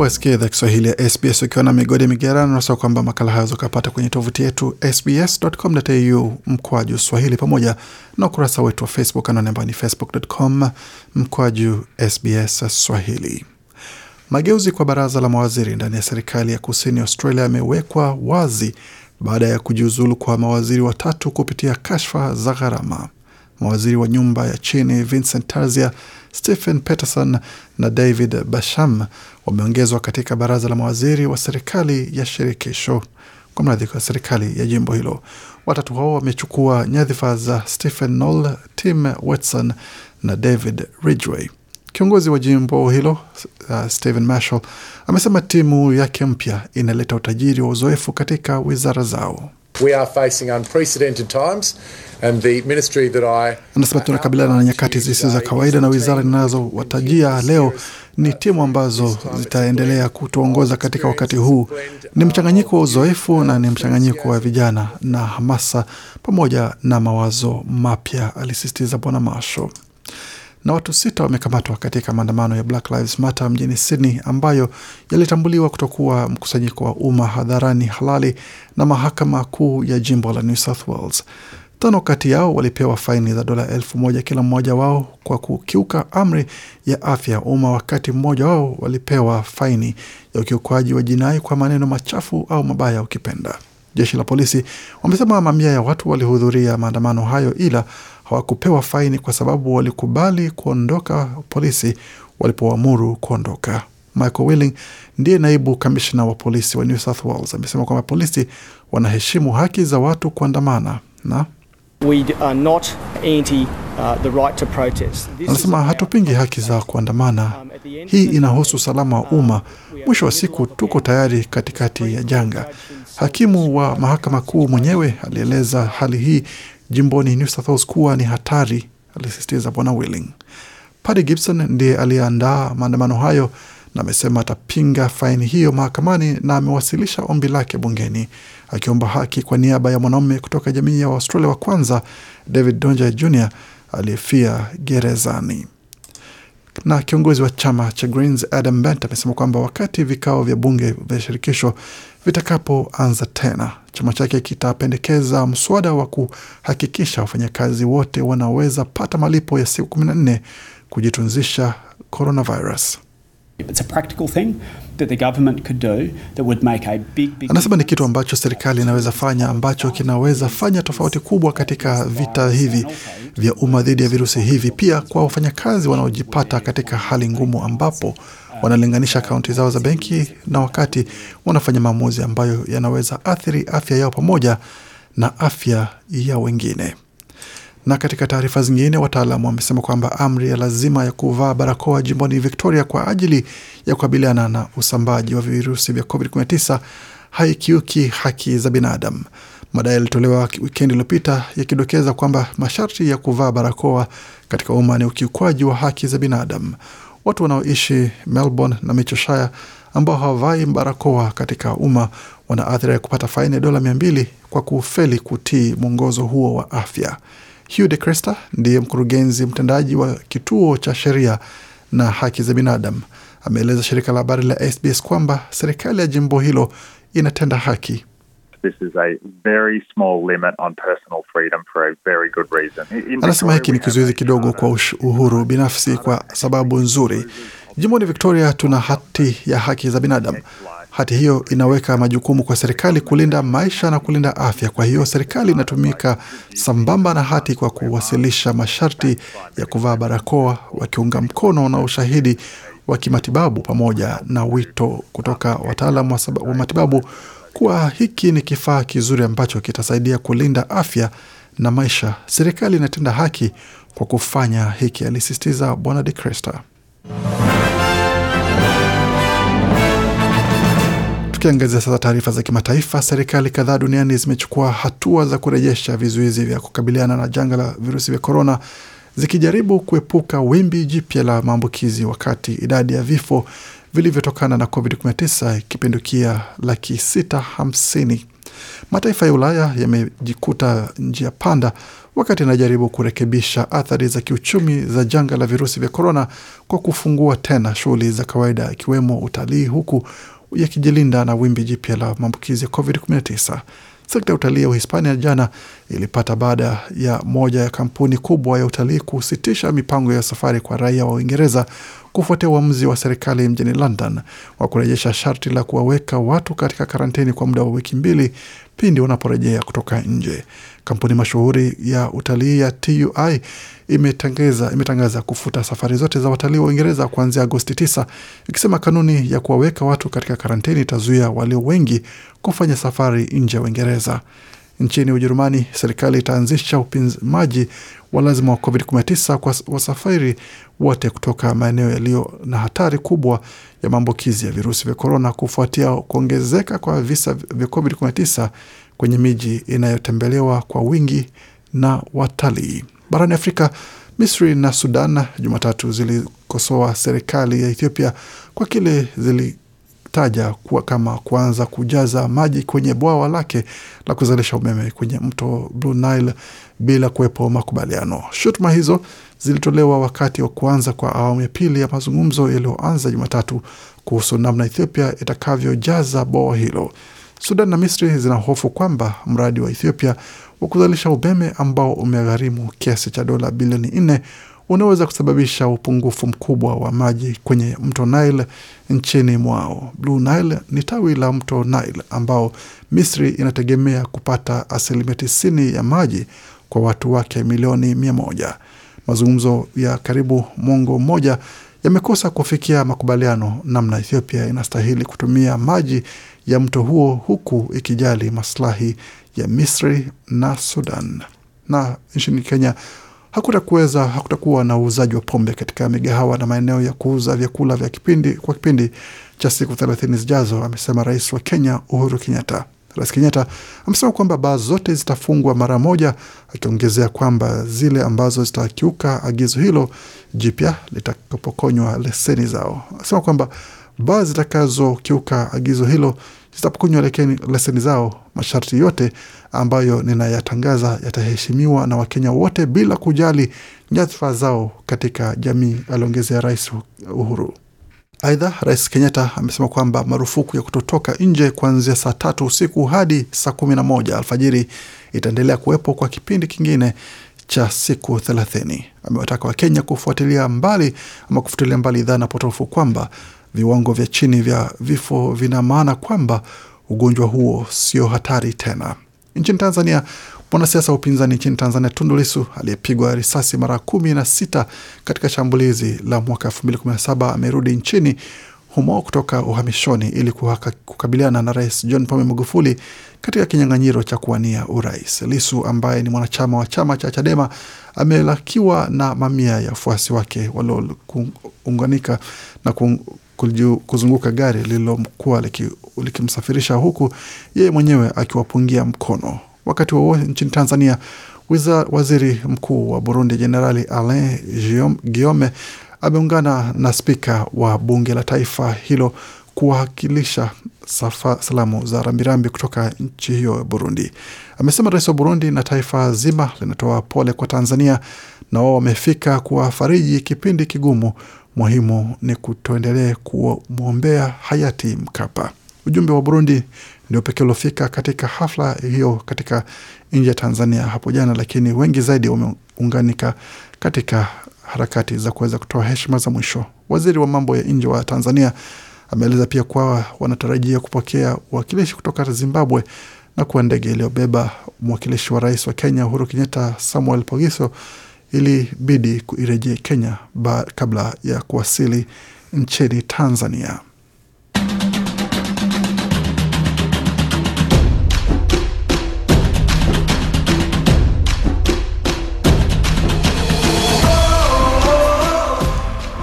Wasikia idhaa Kiswahili ya SBS ukiwa na migodi migerano, nasa kwamba makala hayo zakapata kwenye tovuti yetu sbs.com.au mkwaju swahili, pamoja na ukurasa wetu wa Facebook anaone ambayo ni facebook.com mkwaju sbs swahili. Mageuzi kwa baraza la mawaziri ndani ya serikali ya kusini Australia yamewekwa wazi baada ya kujiuzulu kwa mawaziri watatu kupitia kashfa za gharama. Mawaziri wa nyumba ya chini Vincent Tarzia Stephen Peterson na David Basham wameongezwa katika baraza la mawaziri wa serikali ya shirikisho kwa mradhi wa serikali ya jimbo hilo. Watatu hao wamechukua nyadhifa za Stephen Noll, Tim Watson na David Ridgway. Kiongozi wa jimbo hilo uh, Stephen Marshall amesema timu yake mpya inaleta utajiri wa uzoefu katika wizara zao. We are facing unprecedented times. anasema uh, tunakabiliana na nyakati zisizo za kawaida, na wizara ninazowatajia leo ni uh, timu ambazo zitaendelea kutuongoza katika wakati huu. Ni mchanganyiko wa uzoefu na ni mchanganyiko wa vijana na hamasa pamoja na mawazo mapya, alisisitiza Bwana Masho na watu sita wamekamatwa katika maandamano ya Black Lives Matter mjini Sydney ambayo yalitambuliwa kutokuwa mkusanyiko wa umma hadharani halali na mahakama kuu ya jimbo la New South Wales. Tano kati yao walipewa faini za dola elfu moja kila mmoja wao kwa kukiuka amri ya afya ya umma, wakati mmoja wao walipewa faini ya ukiukwaji wa jinai kwa maneno machafu au mabaya ukipenda. Jeshi la polisi wamesema mamia ya watu walihudhuria maandamano hayo, ila hawakupewa faini kwa sababu walikubali kuondoka polisi walipoamuru kuondoka. Michael Willing ndiye naibu kamishna wa polisi wa New South Wales amesema kwamba polisi wanaheshimu haki za watu kuandamana na uh, anasema hatupingi haki za kuandamana. Um, hii inahusu usalama wa uh, umma. Mwisho wa siku, tuko tayari katikati ya janga. Hakimu wa mahakama kuu mwenyewe alieleza hali hii jimboni New South Wales kuwa ni hatari, alisisitiza Bwana Willing. Paddy Gibson ndiye aliyeandaa maandamano hayo na amesema atapinga faini hiyo mahakamani na amewasilisha ombi lake bungeni akiomba haki kwa niaba ya mwanaume kutoka jamii ya Waustralia wa kwanza David Donja Jr aliyefia gerezani. Na kiongozi wa chama cha Greens Adam Bent amesema kwamba wakati vikao vya bunge vya shirikisho vitakapoanza tena. Chama chake kitapendekeza mswada wa kuhakikisha wafanyakazi wote wanaweza pata malipo ya siku 14 kujitunzisha coronavirus. Anasema ni kitu ambacho serikali inaweza fanya ambacho kinaweza fanya tofauti kubwa katika vita hivi vya umma dhidi ya virusi hivi, pia kwa wafanyakazi wanaojipata katika hali ngumu ambapo wanalinganisha akaunti zao za benki na wakati wanafanya maamuzi ambayo yanaweza athiri afya yao pamoja na afya ya wengine. Na katika taarifa zingine, wataalamu wamesema kwamba amri ya lazima ya kuvaa barakoa jimboni Victoria kwa ajili ya kukabiliana na usambaji wa virusi vya COVID-19 haikiuki haki za binadamu. Madai yalitolewa wikendi iliyopita yakidokeza kwamba masharti ya kuvaa barakoa katika umma ni ukiukwaji wa haki za binadamu watu wanaoishi Melbourne na Michoshire ambao hawavai barakoa katika umma wana athira ya kupata faini ya dola mia mbili kwa kufeli kutii mwongozo huo wa afya. Hugh de Cresta ndiye mkurugenzi mtendaji wa kituo cha sheria na haki za binadamu. Ameeleza shirika la habari la SBS kwamba serikali ya jimbo hilo inatenda haki this is a very small limit on personal freedom for a very good reason. Anasema hiki ni kizuizi kidogo kwa uhuru binafsi kwa sababu nzuri. Jimboni Victoria tuna hati ya haki za binadamu. Hati hiyo inaweka majukumu kwa serikali kulinda maisha na kulinda afya. Kwa hiyo serikali inatumika sambamba na hati kwa kuwasilisha masharti ya kuvaa barakoa, wakiunga mkono na ushahidi wa kimatibabu pamoja na wito kutoka wataalam wa matibabu kuwa hiki ni kifaa kizuri ambacho kitasaidia kulinda afya na maisha. Serikali inatenda haki kwa kufanya hiki, alisisitiza Bwana De Cresta. Tukiangazia sasa taarifa za kimataifa, serikali kadhaa duniani zimechukua hatua za kurejesha vizuizi vya kukabiliana na janga la virusi vya korona, zikijaribu kuepuka wimbi jipya la maambukizi, wakati idadi ya vifo vilivyotokana na COVID-19 ikipindukia laki sita hamsini. Mataifa ya Ulaya yamejikuta njia panda wakati yanajaribu kurekebisha athari za kiuchumi za janga la virusi vya korona kwa kufungua tena shughuli za kawaida ikiwemo utalii huku yakijilinda na wimbi jipya la maambukizi ya COVID-19. Sekta ya utalii ya Uhispania jana ilipata baada ya moja ya kampuni kubwa ya utalii kusitisha mipango ya safari kwa raia wa Uingereza kufuatia uamuzi wa serikali mjini London wa kurejesha sharti la kuwaweka watu katika karantini kwa muda wa wiki mbili pindi wanaporejea kutoka nje. Kampuni mashuhuri ya utalii ya TUI imetangaza, imetangaza kufuta safari zote za watalii wa Uingereza kuanzia Agosti 9 ikisema kanuni ya kuwaweka watu katika karantini itazuia walio wengi kufanya safari nje ya Uingereza. Nchini Ujerumani, serikali itaanzisha upimaji wa lazima wa COVID-19 kwa wasafiri wote kutoka maeneo yaliyo na hatari kubwa ya maambukizi ya virusi vya korona kufuatia kuongezeka kwa visa vya COVID-19 kwenye miji inayotembelewa kwa wingi na watalii. Barani Afrika, Misri na Sudan Jumatatu zilikosoa serikali ya Ethiopia kwa kile zilitaja kuwa kama kuanza kujaza maji kwenye bwawa lake la kuzalisha umeme kwenye mto Blue Nile bila kuwepo makubaliano. Shutuma hizo zilitolewa wakati wa kuanza kwa awamu ya pili ya mazungumzo yaliyoanza Jumatatu kuhusu namna Ethiopia itakavyojaza bwawa hilo. Sudan na Misri zina hofu kwamba mradi wa Ethiopia wa kuzalisha umeme ambao umegharimu kiasi cha dola bilioni nne unaweza kusababisha upungufu mkubwa wa maji kwenye mto Nile nchini mwao. Blue Nile ni tawi la mto Nile ambao Misri inategemea kupata asilimia tisini ya maji kwa watu wake milioni mia moja. Mazungumzo ya karibu mwongo mmoja yamekosa kufikia makubaliano namna Ethiopia inastahili kutumia maji ya mto huo huku ikijali maslahi ya Misri na Sudan. Na nchini Kenya hakutakuweza hakutakuwa na uuzaji wa pombe katika migahawa na maeneo ya kuuza vyakula vya kipindi kwa kipindi cha siku thelathini zijazo, amesema rais wa Kenya Uhuru Kenyatta. Rais Kenyatta amesema kwamba baa zote zitafungwa mara moja, akiongezea kwamba zile ambazo zitakiuka agizo hilo jipya litakapokonywa leseni zao. Amesema kwamba baa zitakazokiuka agizo hilo zitapokunywa leseni zao, masharti yote ambayo ninayatangaza yataheshimiwa na Wakenya wote bila kujali nyadhifa zao katika jamii, aliongezea Rais Uhuru. Aidha, Rais Kenyatta amesema kwamba marufuku ya kutotoka nje kuanzia saa tatu usiku hadi saa kumi na moja alfajiri itaendelea kuwepo kwa kipindi kingine cha siku thelathini. Amewataka Wakenya kufuatilia mbali ama kufuatilia mbali dhana potofu kwamba viwango vya chini vya vifo vina maana kwamba ugonjwa huo sio hatari tena. Nchini Tanzania, mwanasiasa wa upinzani nchini Tanzania Tundu Lissu aliyepigwa risasi mara kumi na sita katika shambulizi la mwaka elfu mbili kumi na saba amerudi nchini humo kutoka uhamishoni ili kuhaka, kukabiliana na Rais John Pombe Magufuli katika kinyang'anyiro cha kuwania urais. Lisu ambaye ni mwanachama wa chama cha Chadema amelakiwa na mamia ya wafuasi wake waliounganika na kuzunguka gari lililokuwa likimsafirisha liki huku yeye mwenyewe akiwapungia mkono. Wakati wowote nchini Tanzania, wiza, waziri mkuu wa Burundi Jenerali Alain Guillaume ameungana na spika wa bunge la taifa hilo kuwakilisha salamu za rambirambi kutoka nchi hiyo ya Burundi. Amesema rais wa Burundi na taifa zima linatoa pole kwa Tanzania na wao wamefika kuwafariji kipindi kigumu Muhimu ni kutoendelea kumwombea hayati Mkapa. Ujumbe wa Burundi ndio pekee uliofika katika hafla hiyo katika nje ya Tanzania hapo jana, lakini wengi zaidi wameunganika katika harakati za kuweza kutoa heshima za mwisho. Waziri wa mambo ya nje wa Tanzania ameeleza pia kuwa wanatarajia kupokea uwakilishi kutoka Zimbabwe na kuwa ndege iliyobeba mwakilishi wa rais wa Kenya Uhuru Kenyatta Samuel Pogiso ilibidi irejee Kenya ba, kabla ya kuwasili nchini Tanzania.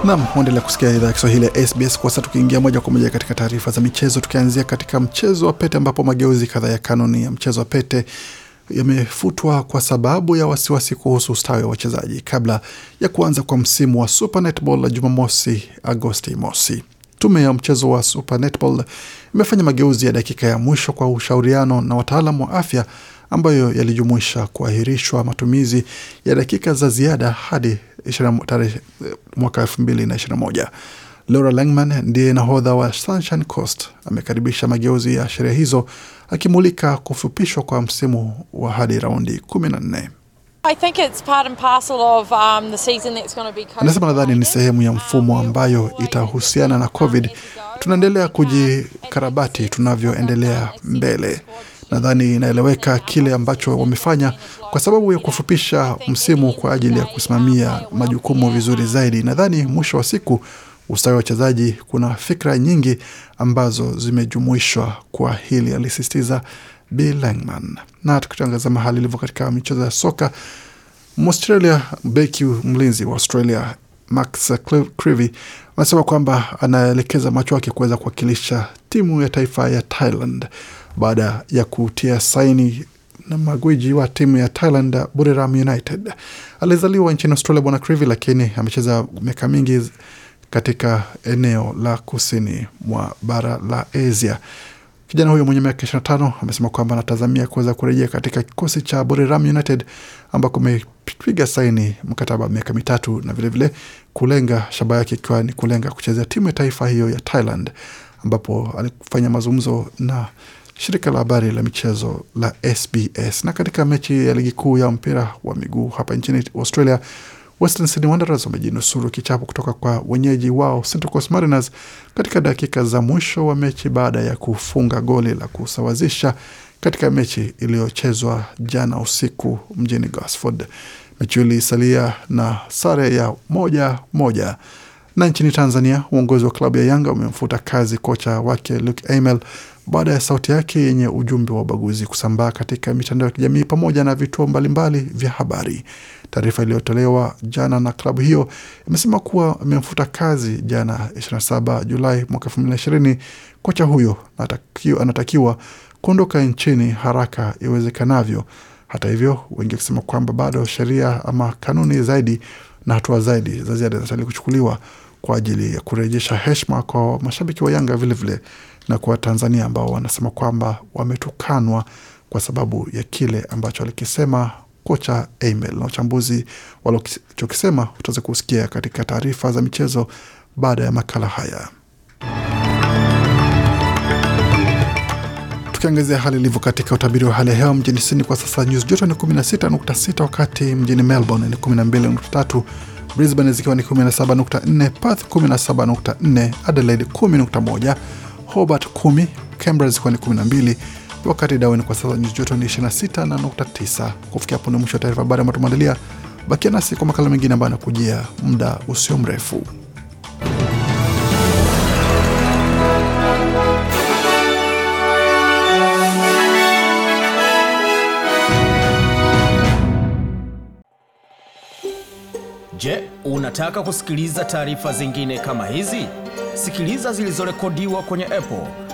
Nam huendelea kusikia idhaa ya Kiswahili ya SBS. Kwa sasa tukiingia moja kwa moja katika taarifa za michezo, tukianzia katika mchezo wa pete, ambapo mageuzi kadhaa ya kanuni ya mchezo wa pete yamefutwa kwa sababu ya wasiwasi kuhusu ustawi wa wachezaji kabla ya kuanza kwa msimu wa Super Netball la Jumamosi, Agosti mosi. Tume ya mchezo wa Super Netball imefanya mageuzi ya dakika ya mwisho kwa ushauriano na wataalam wa afya ambayo yalijumuisha kuahirishwa matumizi ya dakika za ziada hadi mwaka Laura Langman ndiye nahodha wa Sunshine Coast amekaribisha mageuzi ya sheria hizo, akimulika kufupishwa kwa msimu wa hadi raundi kumi na nne. Um, Anasema, nadhani ni sehemu ya mfumo um, ambayo itahusiana na COVID. Um, Tunaendelea kujikarabati tunavyoendelea mbele. Nadhani inaeleweka kile ambacho wamefanya kwa sababu ya kufupisha msimu kwa ajili ya kusimamia majukumu vizuri zaidi. Nadhani mwisho wa siku ustawi wa wachezaji, kuna fikra nyingi ambazo zimejumuishwa kwa hili, alisisitiza B Langman. Na tukitangazama hali ilivyo katika michezo ya soka, Mwaustralia beki mlinzi wa Australia Max Crivy anasema kwamba anaelekeza macho wake kuweza kuwakilisha timu ya taifa ya Thailand baada ya kutia saini na magwiji wa timu ya Thailand Buriram United. Alizaliwa nchini Australia bwana Crivy, lakini amecheza miaka mingi katika eneo la kusini mwa bara la Asia. Kijana huyo mwenye miaka 25 amesema kwamba anatazamia kuweza kurejea katika kikosi cha Buriram United ambako amepiga saini mkataba wa miaka mitatu na vilevile vile kulenga shaba yake ikiwa ni kulenga kuchezea timu ya taifa hiyo ya Thailand, ambapo alifanya mazungumzo na shirika la habari la michezo la SBS. Na katika mechi ya ligi kuu ya mpira wa miguu hapa nchini Australia Sydney Wanderers wamejinusuru kichapo kutoka kwa wenyeji wao Central Coast Mariners katika dakika za mwisho wa mechi baada ya kufunga goli la kusawazisha katika mechi iliyochezwa jana usiku mjini Gosford. Mechi ilisalia na sare ya moja moja. Na nchini Tanzania, uongozi wa klabu ya Yanga umemfuta kazi kocha wake Luke Emel baada ya sauti yake yenye ujumbe wa ubaguzi kusambaa katika mitandao ya kijamii pamoja na vituo mbalimbali vya habari. Taarifa iliyotolewa jana na klabu hiyo imesema kuwa imemfuta kazi jana 27 Julai mwaka 2020. Kocha huyo anatakiwa, anatakiwa kuondoka nchini haraka iwezekanavyo. Hata hivyo, wengi wakisema kwamba bado sheria ama kanuni zaidi na hatua zaidi za ziada zinastahili kuchukuliwa kwa ajili ya kurejesha heshima kwa mashabiki wa Yanga vilevile vile, na kwa Tanzania ambao wanasema kwamba wametukanwa kwa sababu ya kile ambacho alikisema kituo cha na uchambuzi walichokisema utaweza kusikia katika taarifa za michezo baada ya makala haya. Tukiangazia hali ilivyo katika utabiri wa hali ya hewa mjini Sydney kwa sasa, nyuzi joto ni 16.6, wakati mjini Melbourne ni 12.3, Brisbane zikiwa ni 17.4, Perth 17.4, Adelaide 10.1, Hobart 10, Canberra zikiwa ni 12 wakati Darwin kwa sasa nyuzi joto ni 26.9. Kufikia hapo ni mwisho wa taarifa habari ambayo tumeandalia. Bakia nasi kwa makala mengine ambayo anakujia muda usio mrefu. Je, unataka kusikiliza taarifa zingine kama hizi? Sikiliza zilizorekodiwa kwenye Apple